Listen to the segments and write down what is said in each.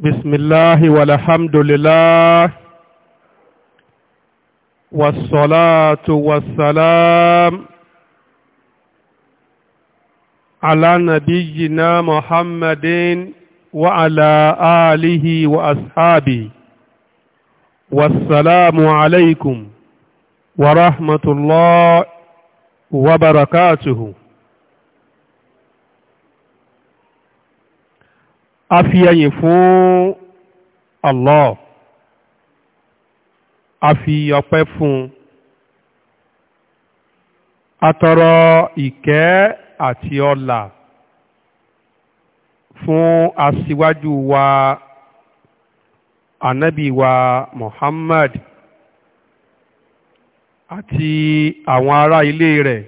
بسم الله والحمد لله والصلاة والسلام على نبينا محمد وعلى آله وأصحابه والسلام عليكم ورحمة الله وبركاته a fi ẹyìn fún Allah a fi ọpẹ́ fún a tọrọ ìkẹ́ àti ọlà fún aṣíwájú wa ànábì wa Muhammad àti àwọn ará ilé rẹ̀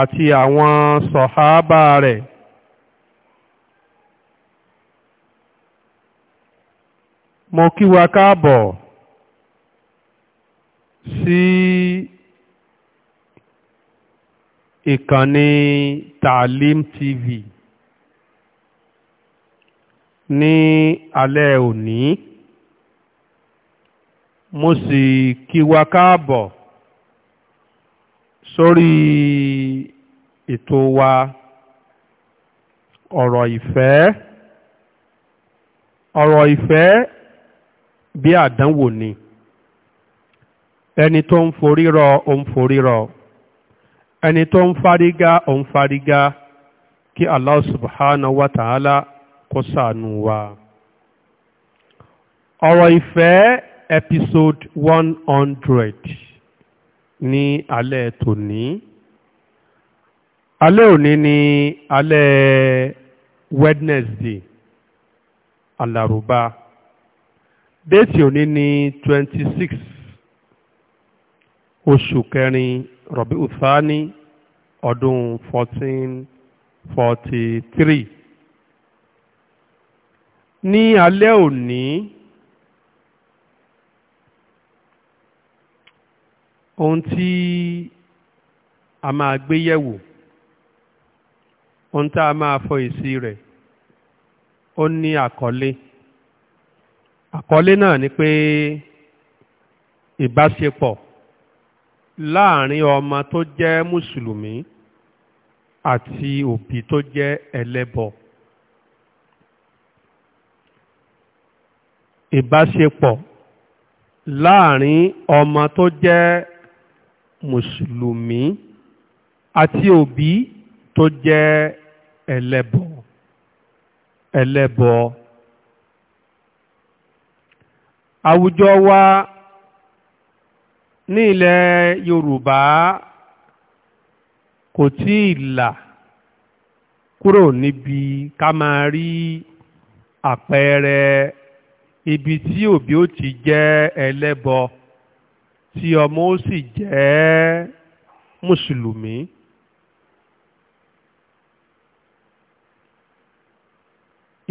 àti àwọn sọ̀hábà rẹ̀. mo kí wa káàbọ̀ sí ìkànnì talim TV ní alẹ́ òní mo sì kí wa káàbọ̀ sórí ètò wa ọ̀rọ̀ ìfẹ́ ọ̀rọ̀ ìfẹ́ bí àdánwò ni ẹni tó ń forírọ ó ń forírọ ẹni tó ń fárígá ó ń fárígá kí Allah subhanahu wa ta'ala kó ṣàánú wa ọ̀rọ̀ ìfẹ́ episode one hundred ní alẹ́ tòní alẹ́ òní ní alẹ́ Wednesday alárùbá déètì òní ní twenty six oṣù kẹrin rọ̀bí ùsáni ọdún fourteen forty three ní alẹ́ òní ohun tí a máa gbé yẹ̀wò ohun tá a máa fọ èsì rẹ̀ ó ní àkọlé àkọlé náà ni pé ìbáṣepọ̀ láàrin ọmọ tó jẹ́ mùsùlùmí àti òbí tó jẹ́ ẹlẹ́bọ ìbáṣepọ̀ láàrin ọmọ tó jẹ́ mùsùlùmí àti òbí tó jẹ́ ẹlẹ́bọ ẹlẹ́bọ àwùjọ wa ní ilẹ̀ Yorùbá kò tí ì là kúrò níbi ká máa rí àpẹẹrẹ ibi tí òbí ó ti jẹ́ ẹlẹ́bọ tí ọmọ ó sì jẹ́ mùsùlùmí.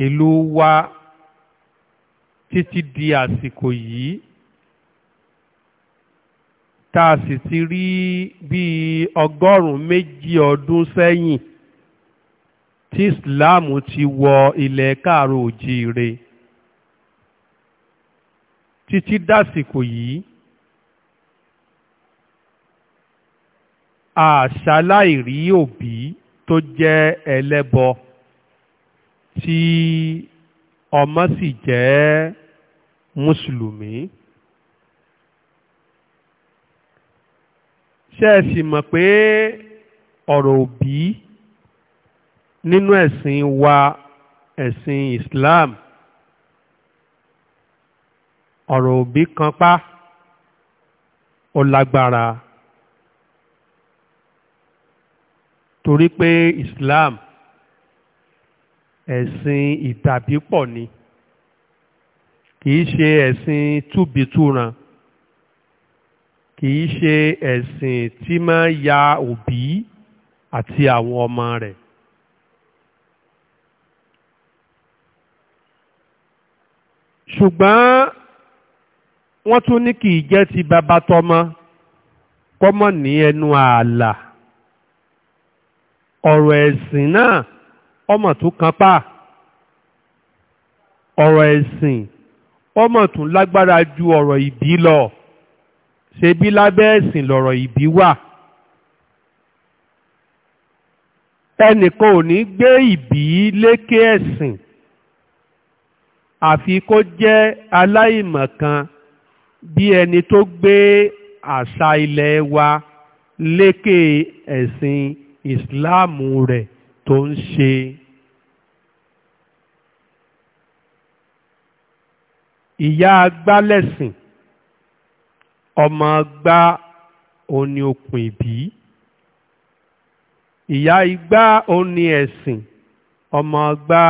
ìlú wa títí di àsìkò yìí tá a sì ti rí bí ọgọ́rùn-ún méjì ọdún sẹ́yìn tí Islam ti wọ ilẹ̀ káàrọ̀ òjíire títí dásìkò yìí àṣàláìrí òbí tó jẹ́ ẹlẹ́bọ tí. Si ọmọ sì jẹ́ mùsùlùmí. ṣé ẹ sì mọ̀ pé ọ̀rọ̀ òbí nínú ẹ̀sìn wa ẹ̀sìn Islam ọ̀rọ̀ òbí kan pa ó lágbára torí pé Islam ẹ̀sìn ìtàbípọ̀ ni kìí ṣe ẹ̀sìn túbitúran kìí ṣe ẹ̀sìn tí máa ya òbí àti àwọn ọmọ rẹ̀ ṣùgbọ́n wọ́n tún ní kìí jẹ́ ti bàbá tọmọ kọ́mọ̀ ní ẹnu ààlà ọ̀rọ̀ ẹ̀sìn náà ọmọ tún kápá ọ̀rọ̀ ẹ̀sìn ọmọ tún lágbára ju ọ̀rọ̀ ìbí lọ ṣebí lábẹ́ ẹ̀sìn lọ̀rọ̀ ìbí wà ẹnìkan ò ní gbé ìbí lékè ẹ̀sìn àfi kó jẹ́ aláìmọ̀kan bí ẹni tó gbé àṣà ilẹ̀ wa lékè ẹ̀sìn ìsìláàmù rẹ̀ tó ń ṣe ìyá agbálẹ̀sìn ọmọ agbá òní okùn ìbí ìyá igbá òní ẹ̀sìn ọmọ agbá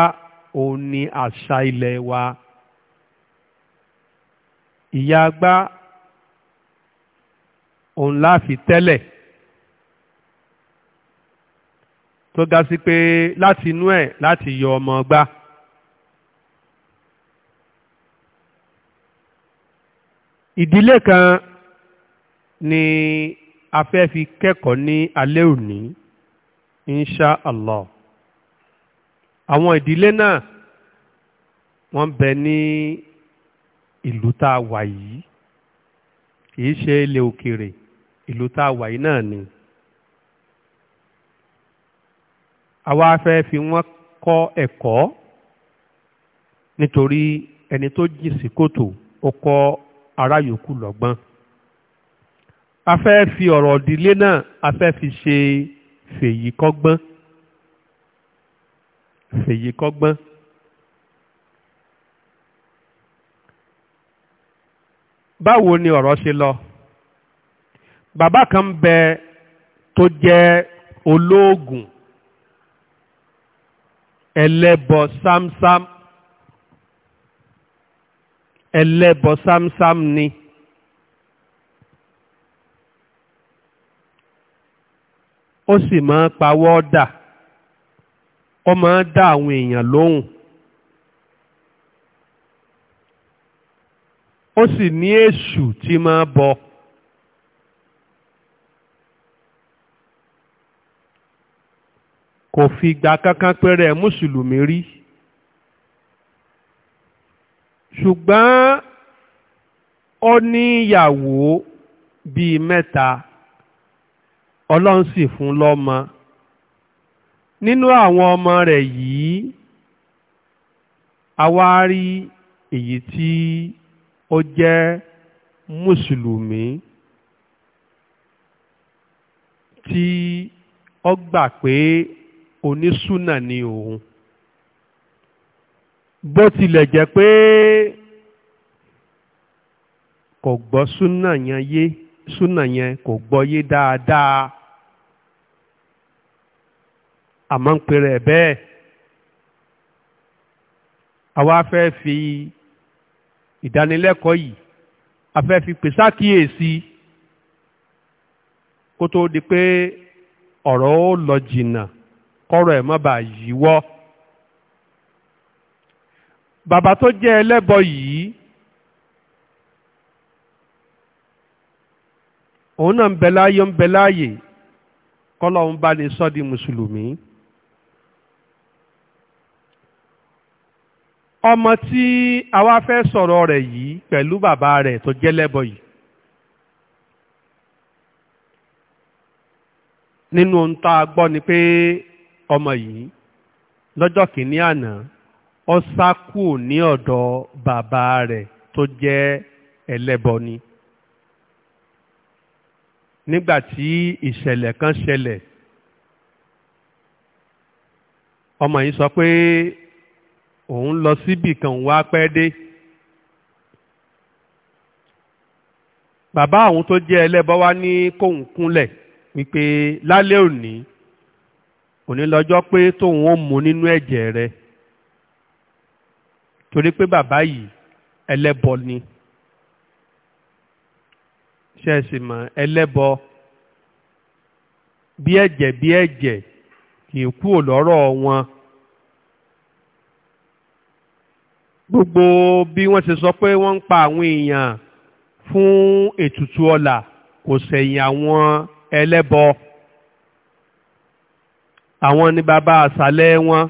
òní àṣà ilẹ̀ wa ìyá agbá òun láfi tẹ́lẹ̀. tó ga sí pé láti inú ẹ̀ láti yọ ọmọ gbá. ìdílé kan ni a fẹ́ fi kẹ́kọ̀ọ́ ní alẹ́ òní insha allah àwọn ìdílé náà wọ́n bẹ ní ìlú tá a wà yìí kì í ṣe ilẹ̀ òkèrè ìlú tá a wà yìí náà ni. àwa fẹ́ fi wọ́n kọ́ ẹ̀kọ́ nítorí ẹni tó jìn sí kòtò ó kọ́ ará yòókù lọ́gbọ́n a fẹ́ fi ọ̀rọ̀ ìdílé náà a fẹ́ fi ṣe fèyí kọ́gbọ́n fèyí kọ́gbọ́n báwo ni ọ̀rọ̀ ṣe lọ bàbá kan ń bẹ tó jẹ́ olóògùn ẹlẹ́bọ sámsám ẹlẹ́bọ sámsám ni. ó sì máa ń pawọ́ dà ó máa ń dá àwọn èèyàn lóhùn ó sì ní èṣù tí máa bọ. kò fi ìgbà kankan péré mùsùlùmí rí ṣùgbọ́n ó ní ìyàwó bíi mẹ́ta ọlọ́run sì fún lọ́mọ nínú àwọn ọmọ rẹ̀ yìí a èyí tí ó jẹ́ mùsùlùmí tí ó gbà pé onísúnà ni òun bó tilẹ̀ jẹ́ pé kò gbọ́ súnà yẹn yé súnà yẹn kò gbọ́ yé dáadáa àmọ́ ń pèrè ẹ̀ bẹ́ẹ̀ àwa fẹ́ fi ìdánilẹ́kọ̀ọ́ yìí a fẹ́ fi pèsè àkíyèsí kó di pé ọ̀rọ̀ ó lọ kọ́rọ̀ ẹ̀ má bàa yíwọ́ bàbá tó jẹ́ ẹlẹ́bọ yìí òun náà ń bẹ láyé ń bẹ láyè kọ́lọ́ ń bá ní sọ́ di mùsùlùmí ọmọ tí àwa fẹ́ sọ̀rọ̀ rẹ̀ yìí pẹ̀lú bàbá rẹ̀ tó jẹ́ lẹ́bọ yìí nínú ohun tá a gbọ́ ni pé ọmọ yìí lọ́jọ́ kìíní àná ó sá kúò ní ọ̀dọ̀ bàbá rẹ̀ tó jẹ́ ẹlẹ́bọ ni nígbà tí ìṣẹ̀lẹ̀ kan ṣẹlẹ̀ ọmọ yìí sọ pé òun lọ síbì kan wá pẹ́ dé bàbá òun tó jẹ́ ẹlẹ́bọ wá ní kóun kúnlẹ̀ wípé lálẹ́ òní òní lọ́jọ́ pé tóun ó mu nínú ẹ̀jẹ̀ rẹ torí pé bàbá yìí ẹlẹ́bọ ni ṣe é sì mọ̀ ẹlẹ́bọ bí ẹ̀jẹ̀ bí ẹ̀jẹ̀ kì í kúrò lọ́rọ̀ wọn. gbogbo bí wọ́n ti sọ pé wọ́n ń pa àwọn èèyàn fún ètùtù ọlà kò sẹ̀yìn àwọn ẹlẹ́bọ. E àwọn ni bàbá àṣàlẹ̀ wọn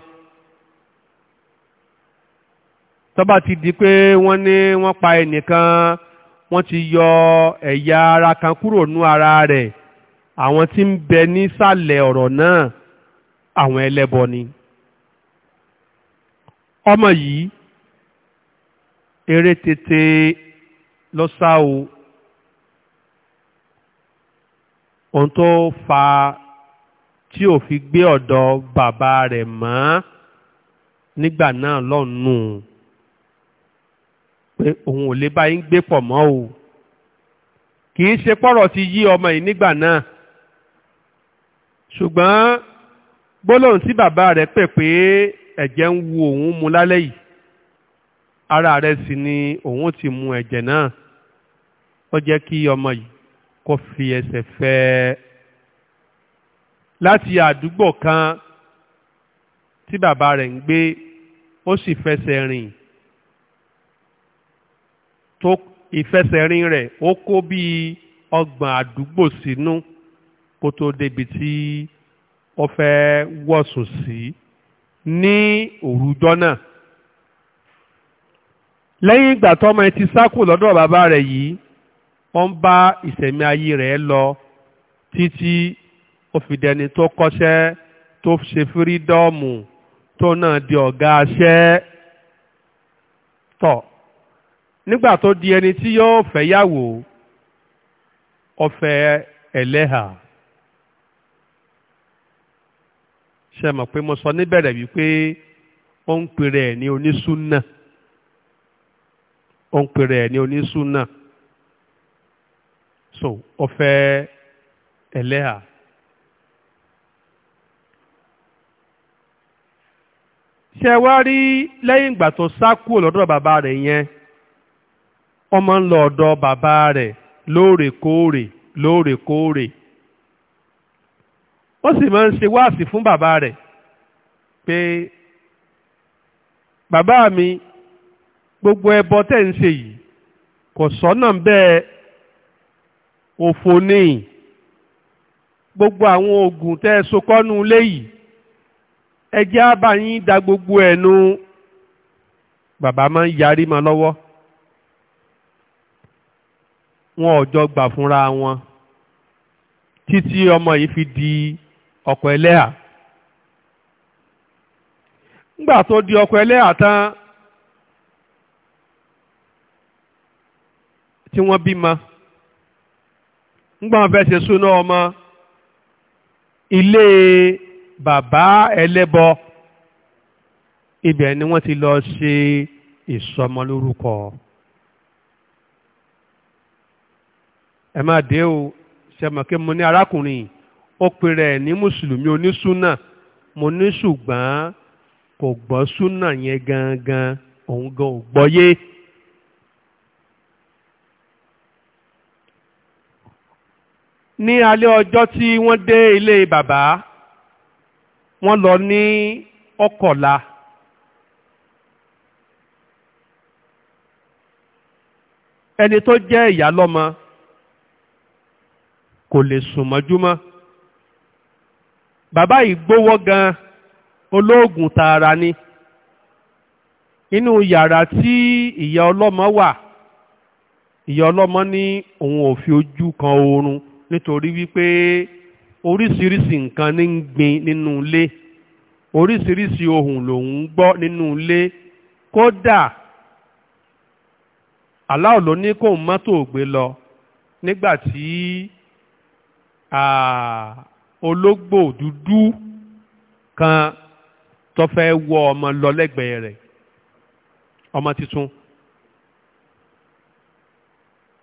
tó bá ti di pé wọ́n ní wọ́n pa ẹnìkan wọ́n ti yọ ẹ̀yà ara kan kúrò nú ara rẹ̀ àwọn tí ń bẹ nísàlẹ̀ ọ̀rọ̀ náà àwọn ẹlẹ́bọ ni ọmọ yìí eré tètè lọ́sàá o ohun tó fa tí ò fi gbé ọ̀dọ̀ bàbá rẹ̀ mọ́ nígbà náà lọ́nù pé òun ò lè bá yín gbé pọ̀ mọ́ o kì í ṣe pọ́rọ̀ ti yí ọmọ yìí nígbà náà ṣùgbọ́n gbólóhùn tí bàbá rẹ̀ pè pé ẹ̀jẹ̀ ń wu òun mu lálẹ́ yìí ara rẹ̀ sì ni òun ti mu ẹ̀jẹ̀ náà ó jẹ́ kí ọmọ yìí kó fi ẹsẹ̀ fẹ́ láti àdúgbò kan tí bàbá rẹ̀ ń gbé ó sì fẹsẹ̀ rìn tó ìfẹsẹ̀rin rẹ̀ ó kó bí ọgbọ̀n àdúgbò sínú kó tó débi tí ó fẹ́ wọ̀sùn sí ní òrùjọ́ náà. lẹ́yìn ìgbà tọ́mọ ẹ ti sákò lọ́dọ̀ bàbá rẹ̀ yìí ó ń bá ìṣẹ̀mí ayé rẹ̀ lọ títí ó fi dẹni tó kọ́ṣẹ́ tó ṣe fírídọ́ọ̀mù tó náà di ọ̀gá aṣẹ́ tọ̀ nígbà tó di ẹni tí yóò fẹ́ yàwó ọ̀fẹ́ ẹlẹ́hà ṣe mọ̀ pé mo sọ níbẹ̀rẹ̀ wípé ó ń pèrè ẹ̀ ní onísúnà ó ń pèrè ẹ̀ ní onísúnà so ọ̀fẹ́ ẹlẹ́hà. ṣe wá rí lẹ́yìn ìgbà tó sá kúrò lọ́dọ̀ bàbá rẹ̀ yẹn ọmọ ń lọ ọ̀dọ̀ bàbá rẹ̀ lóòrèkóòrè lóòrèkóòrè ó sì máa ń ṣe wáàsí fún bàbá rẹ̀ pé bàbá mi gbogbo ẹbọ tẹ́ ń ṣe yìí kò sọ́nà bẹ́ẹ̀ òfò níyìn gbogbo àwọn oògùn tẹ́ ẹ sokọ́nu léyìí ẹjẹ́ àbá da gbogbo ẹ̀nu bàbá máa ń yarí ma lọ́wọ́ wọn ọjọ́ gbà fúnra wọn títí ọmọ yìí fi di ọkọ ẹlẹ́à Ngbà tó di ọkọ ẹlẹ́à tán tí wọ́n bímọ nígbà wọn fẹ́ súná ọmọ ilé bàbá ẹlẹ́bọ ibẹ̀ ni wọ́n ti lọ ṣe ìsọmọlórúkọ ẹ má dé o ṣẹmọ̀kẹ́ mo ní arákùnrin ó pe rẹ̀ ní mùsùlùmí onísúnà mo ní ṣùgbọ́n kò gbọ́ súnà yẹn gangan òun gan ò gbọ́yé. ní alẹ́ ọjọ́ tí wọ́n dé ilé bàbá wọ́n lọ ní ọkọ̀la ẹni tó jẹ́ ìyálọ́mọ kò lè sùn mọ́júmọ́ bàbá ìgbówọ́ gan olóògùn tààrà ni inú yàrá tí ìyá ọlọ́mọ wà ìyá ọlọ́mọ ní òun ò fi ojú kan oorun nítorí wípé oríṣiríṣi nǹkan ní ń gbin nínú ilé oríṣiríṣi ohun lòun ń gbọ́ nínú ilé kódà aláwọ̀ ló ní kóun mọ́tò gbé lọ nígbà tí ológbò dúdú kan tó fẹ́ wọ ọmọ lọ lẹ́gbẹ̀ẹ́ rẹ̀ ọmọ titun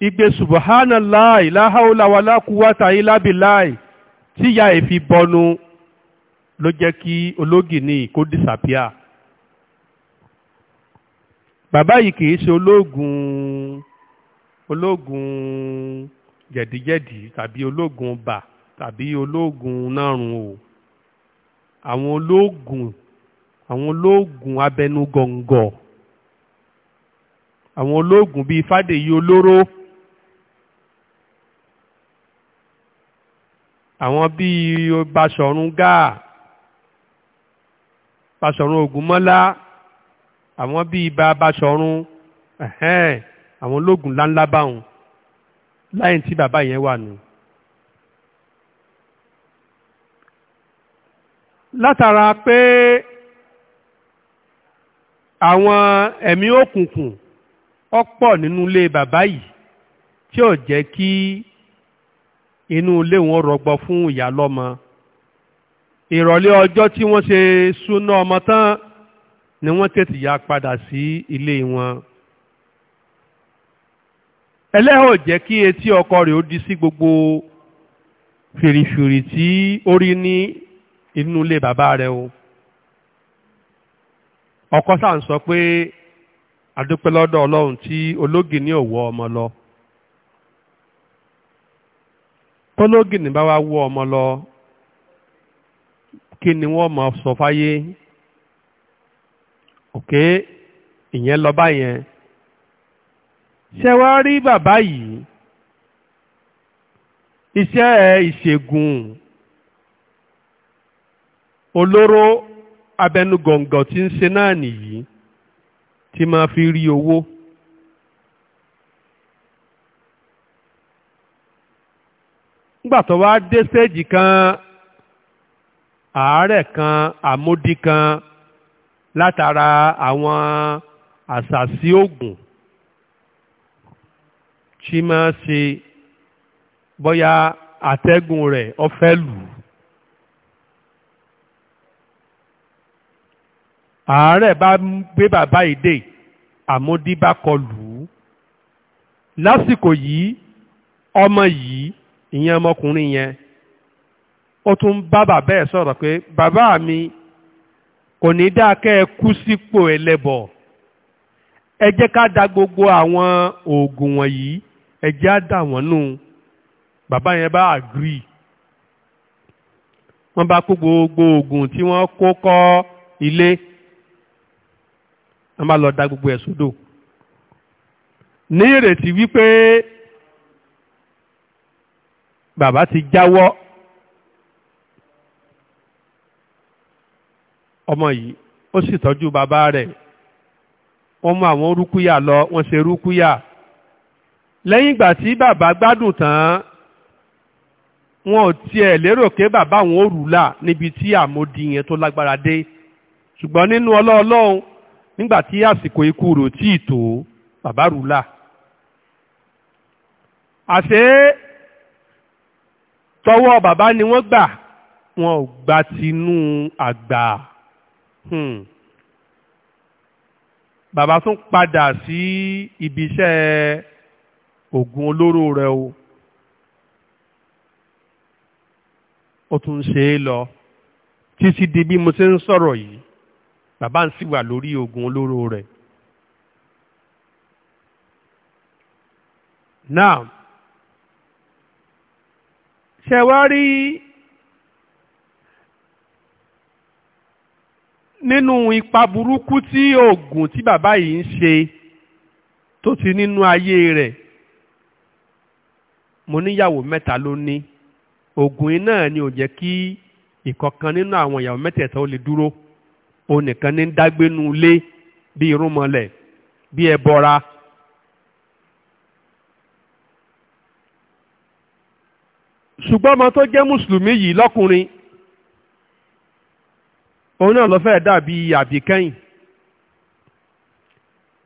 igbe subhanallah ilaha ula wala quwwata illa tíyà ya fi bọnu ló jẹ́ kí ológìní kó disappear bàbá yìí kì í ṣe ológun ológun jẹ̀díjẹ̀dí tàbí ológun bà tàbí ológun nárun o àwọn ológun àwọn ológun abẹnugọ̀ngọ̀ àwọn ológun bíi fàdèyí olóró. àwọn bíi Basọ̀run Gáà Basọ̀run Ògúnmọ́lá àwọn bíi ibà Basọ̀run ẹ̀hẹ́n àwọn ológun ńláńlá báwọn láyìn tí bàbá yẹn wà nù. látara pé àwọn ẹ̀mí òkùnkùn ọ̀pọ̀ nínú ilé bàbá yìí tí ò jẹ́ kí inú ilé wọn rọgbọ fún ìyálọ́mọ ìrọ̀lẹ́ ọjọ́ tí wọ́n ṣe súná ọmọ tán ni wọ́n tètè ya padà sí ilé wọn ẹlẹ́hàn ò jẹ́ kí etí ọkọ rẹ̀ ó di sí gbogbo fìrìfìrì tí ó rí ní inú ilé bàbá rẹ̀ o ọkọ sáà sọ pé àdúpẹ́ ọlọ́run tí ológì ní òwò ọmọ lọ. tọ́lọ́gìnì bá wá wọ́ ọmọ lọ kí ni wọ́n mọ̀ sọ fáyé òkè ìyẹn lọ báyẹn ṣe wá rí bàbá yìí iṣẹ́ ìṣègùn olóró abẹnugọ̀ngọ̀ tí ń ṣe náà nìyí tí máa fi rí owó. nígbà tó wá dé stéèjì kan àárẹ̀ kan àmódì kan látara àwọn àṣàsí oògùn tí máa ṣe bóyá àtẹ́gùn rẹ̀ ó fẹ́ lù àárẹ̀ bá gbé bàbá ìdè àmódì bá kọ lù ú lásìkò yìí ọmọ yìí ìyẹn ọmọkùnrin yẹn ó tún bá bàbá ẹ̀ sọ̀rọ̀ pé bàbá mi kò ní dákẹ́ ẹ kú sípò ẹlẹ́bọ̀ ẹ jẹ́ ká da gbogbo àwọn oògùn wọ̀nyí ẹ jẹ́ á dà wọ́n nù bàbá yẹn bá agree wọ́n bá kó gbogbo oògùn tí wọ́n kó kọ́ ilé wọ́n bá lọ da gbogbo ẹ̀ sódò ní ìrètí wípé bàbá ti jáwọ́ ọmọ yìí ó sì tọ́jú bàbá rẹ̀ wọ́n mú àwọn rúkúyà lọ wọ́n ṣe rúkúyà lẹ́yìn ìgbà tí bàbá gbádùn tán wọn ò tiẹ̀ lérò pé bàbá àwọn ò rúlà níbi tí àmódi tó lágbára dé ṣùgbọ́n nínú ọlọ́ọ̀lọ́hun nígbà tí àsìkò ikú rò tí ì tó bàbá rúlà àṣé tọwọ́ bàbá ni wọ́n gbà wọn ò gba tinú àgbà hmm. bàbá tún padà sí ibi iṣẹ́ oògùn olóró rẹ̀ o ó tún ṣe é lọ títí di bí mo ṣe ń sọ̀rọ̀ yìí bàbá ń sì wà lórí oògùn olóró rẹ̀ now ṣẹ̀wárí nínú ipa burúkú tí oògùn tí bàbá yìí ń ṣe tó ti nínú ayé rẹ̀ mo níyàwó mẹ́ta ló ní oògùn yìí náà ni ò jẹ́ kí ìkọ̀kan nínú àwọn ìyàwó mẹ́tẹ̀ẹ̀ta ó lè dúró òun nìkan ní ń ilé bí irúnmọlẹ̀ bí ẹbọra. E ṣùgbọ́n ọmọ tó jẹ́ mùsùlùmí yìí lọ́kùnrin òun náà lọ fẹ́ dàbí àbíkẹ́yìn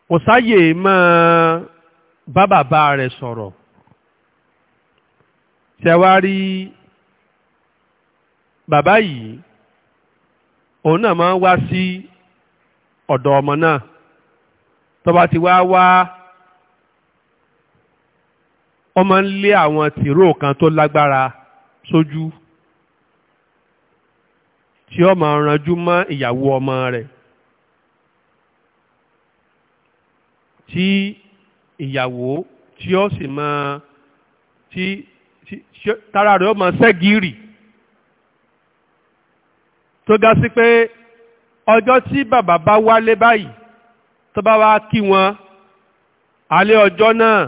kò sáyè máa bá bàbá rẹ̀ sọ̀rọ̀ ṣẹ̀wárí bàbá yìí òun náà máa ń wá sí ọ̀dọ̀ ọmọ náà tó ti wá wá wọ́n máa ń lé àwọn tìró kan tó lágbára sójú tí ó máa ranjú mọ́ ìyàwó ọmọ rẹ̀ tí ìyàwó tí ó sì máa tí tára rẹ̀ ó máa ṣẹ́gìrì tó ga sí pé ọjọ́ tí bàbá bá wálé báyìí tó bá wá kí wọn alẹ́ ọjọ́ náà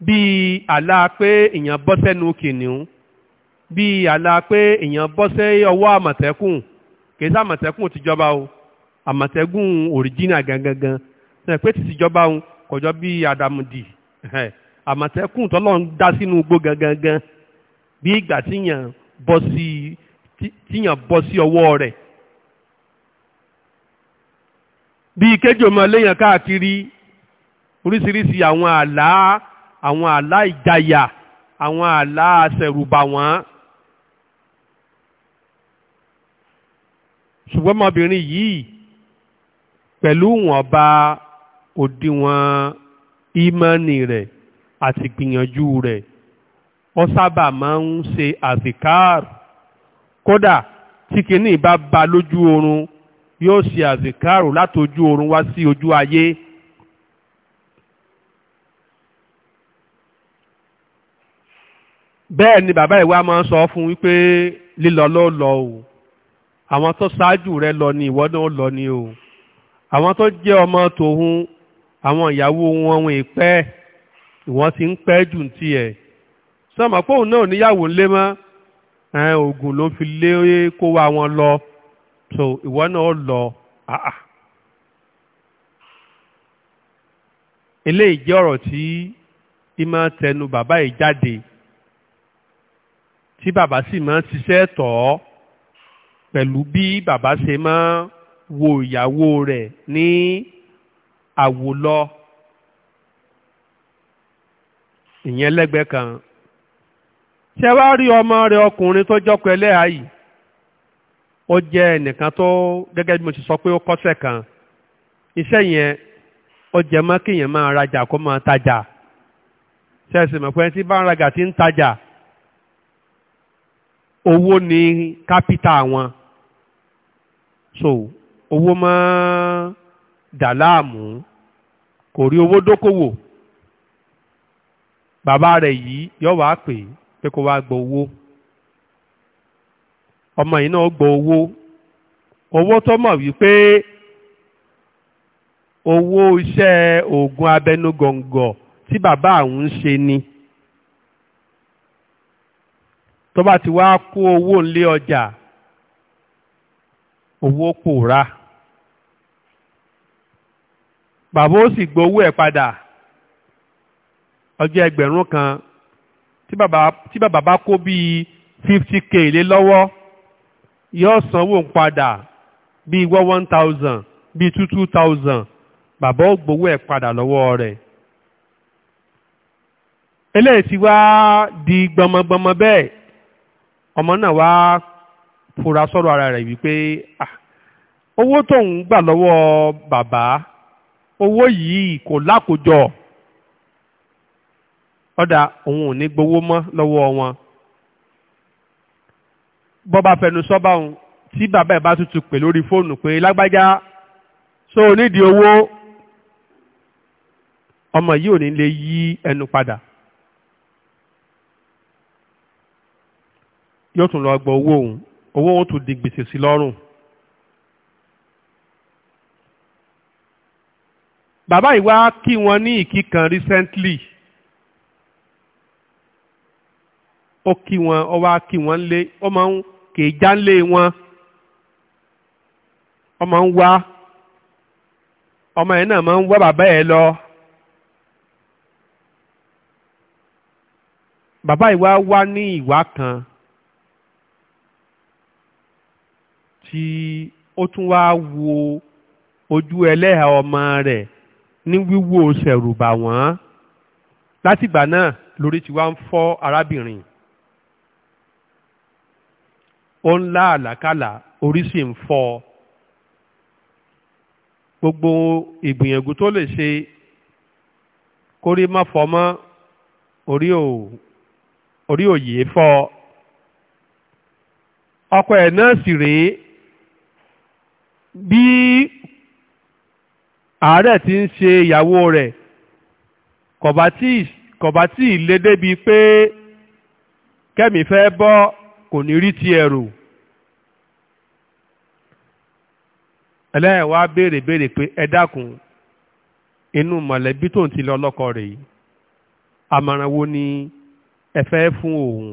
bíi àlá pé èèyàn bọ́ sẹ́nu kìnìún bíi àlá pé èèyàn bọ́ sí ọwọ́ àmọ̀tẹ́kùn kìí sá àmọ̀tẹ́kùn tìjọba o àmọ̀tẹ́kùn òrìjínà gangan ṣe pé ti tìjọba o kọjọ bíi àdàmùdì àmọ̀tẹ́kùn tọ́lọ́ ń dá sínú igbó gangan bí ìgbà tíyàn bọ́ sí tíyàn bọ́ sí ọwọ́ rẹ̀ bíi kéjòmọ́ léèyàn káàkiri oríṣiríṣi àwọn àlá àwọn àlá ìjayà àwọn àlá àṣẹrùbà wọ́n. ṣùgbọ́n ọmọbìnrin yìí pẹ̀lú ìwọ̀nba òdiwọ̀n ìmọ̀ọ́nì rẹ̀ àti gbìyànjú rẹ̀ ó sábà máa ń ṣe àzìkáàr kódà tí kìíní bá ba lójú oorun yóò ṣe azikar, látojú oorun wá sí ojú ayé. Si bẹ́ẹ̀ ni bàbá ìwà máa ń sọ fún wípé lílọ ló lọ o àwọn tó ṣáájú rẹ lọ ni ìwọ náà lọ ni o àwọn tó jẹ́ ọmọ tòun àwọn ìyàwó wọn wọn ìpẹ́ ìwọ́n ti ń pẹ́ jù ti ẹ̀ sọmọ fóun náà níyàwó ńlé mọ́ oògùn ló fi lé kó wa wọn lọ so ìwọ náà lọ àà. eléyìí jẹ́ ọ̀rọ̀ tí ìmọ̀ tẹnu bàbá yìí jáde tí bàbá sì máa ń ṣiṣẹ́ tọ̀ ọ́ pẹ̀lú bí bàbá ṣe máa wo ìyàwó rẹ̀ ní àwòlọ ìyẹn lẹ́gbẹ́ kan ṣé wàá rí ọmọ rẹ̀ ọkùnrin tó jọ́kọ ẹlẹ́hàá yìí ó jẹ́ ẹnìkan tó gẹ́gẹ́ bí mo ti sọ pé ó kọ́ṣẹ́ kan iṣẹ́ yẹn ó jẹ́ mọ́ kéèyàn máa rajà kó máa tajà ṣe é sì mọ̀ pé tí bá ń rajà ti ń tajà owó ni kápítà wọn so owó mọ́ dàláàmù kò rí owó dókòwò bàbá rẹ̀ yìí yọ wá pè pé kó wá gba owó ọmọ yìí náà gba owó owó tó mọ̀ wípé owó iṣẹ́ oògùn abẹnugọ̀ngọ̀ tí bàbá àwọn ń ṣe ni. tó bá ti wá kó owó ńlé ọjà owó pòórá bàbá ó sì gbowó ẹ̀ padà ọjọ́ ẹgbẹ̀rún kan tí bàbá tí bá kó bíi fifty k lé lọ́wọ́ yóò sanwó padà bíi wọ́ one thousand bíi two two thousand bàbá ó gbowó ẹ̀ padà lọ́wọ́ rẹ̀. eléyìí ti wá di gbọmọgbọmọ bẹ́ẹ̀ ọmọ náà wá fura sọ̀rọ̀ ara rẹ̀ wípé ah, owó tóun gbà lọ́wọ́ bàbá owó yìí kò lákòjọ ọ̀dà òun ò ní gbowó mọ́ lọ́wọ́ wọn bọ́ba fẹnu sọ́ba òun tí bàbá ẹ̀ bá tutù pè lórí fóònù pé lágbájá so onídìí owó ọmọ yìí ò ní lè yí ẹnu padà yóò tún lọ gbọ́ owó òun owó òun tún di gbèsè sí lọ́rùn. bàbá yìí wá kí wọn ní ìkí kan recently ó kí wọn ó wá kí wọn lé ó máa ń kè é jánlé wọn ó máa ń wá ọmọ yẹn náà máa ń wá bàbá yẹn lọ bàbá yìí wá wá ní ìwà kan tí ó tún wá wo ojú ẹlẹ́hà ọmọ rẹ̀ ní wíwò ṣẹ̀rùbà wọ́n látìgbà náà lórí ti wá ń fọ́ arábìnrin ó ń lá àlàkàlà orí sì ń fọ́ ọ gbogbo ìgbìyànjú tó lè ṣe kórí má fọ́ mọ́ orí ò fọ́ ọkọ ẹ̀ náà sì rèé bí àárẹ̀ ti ń ṣe ìyàwó rẹ̀ kọ̀bá tí ì lé débi pé kẹ́mi fẹ́ bọ́ kò ní rí ti ẹ̀rù ẹlẹ́yìn wá béèrè béèrè pé ẹ dákun inú mọ̀lẹ́bí tó ń ti lọ lọ́kọ rẹ̀ yìí àmọ̀ràn wo ni ẹ fẹ́ fún òun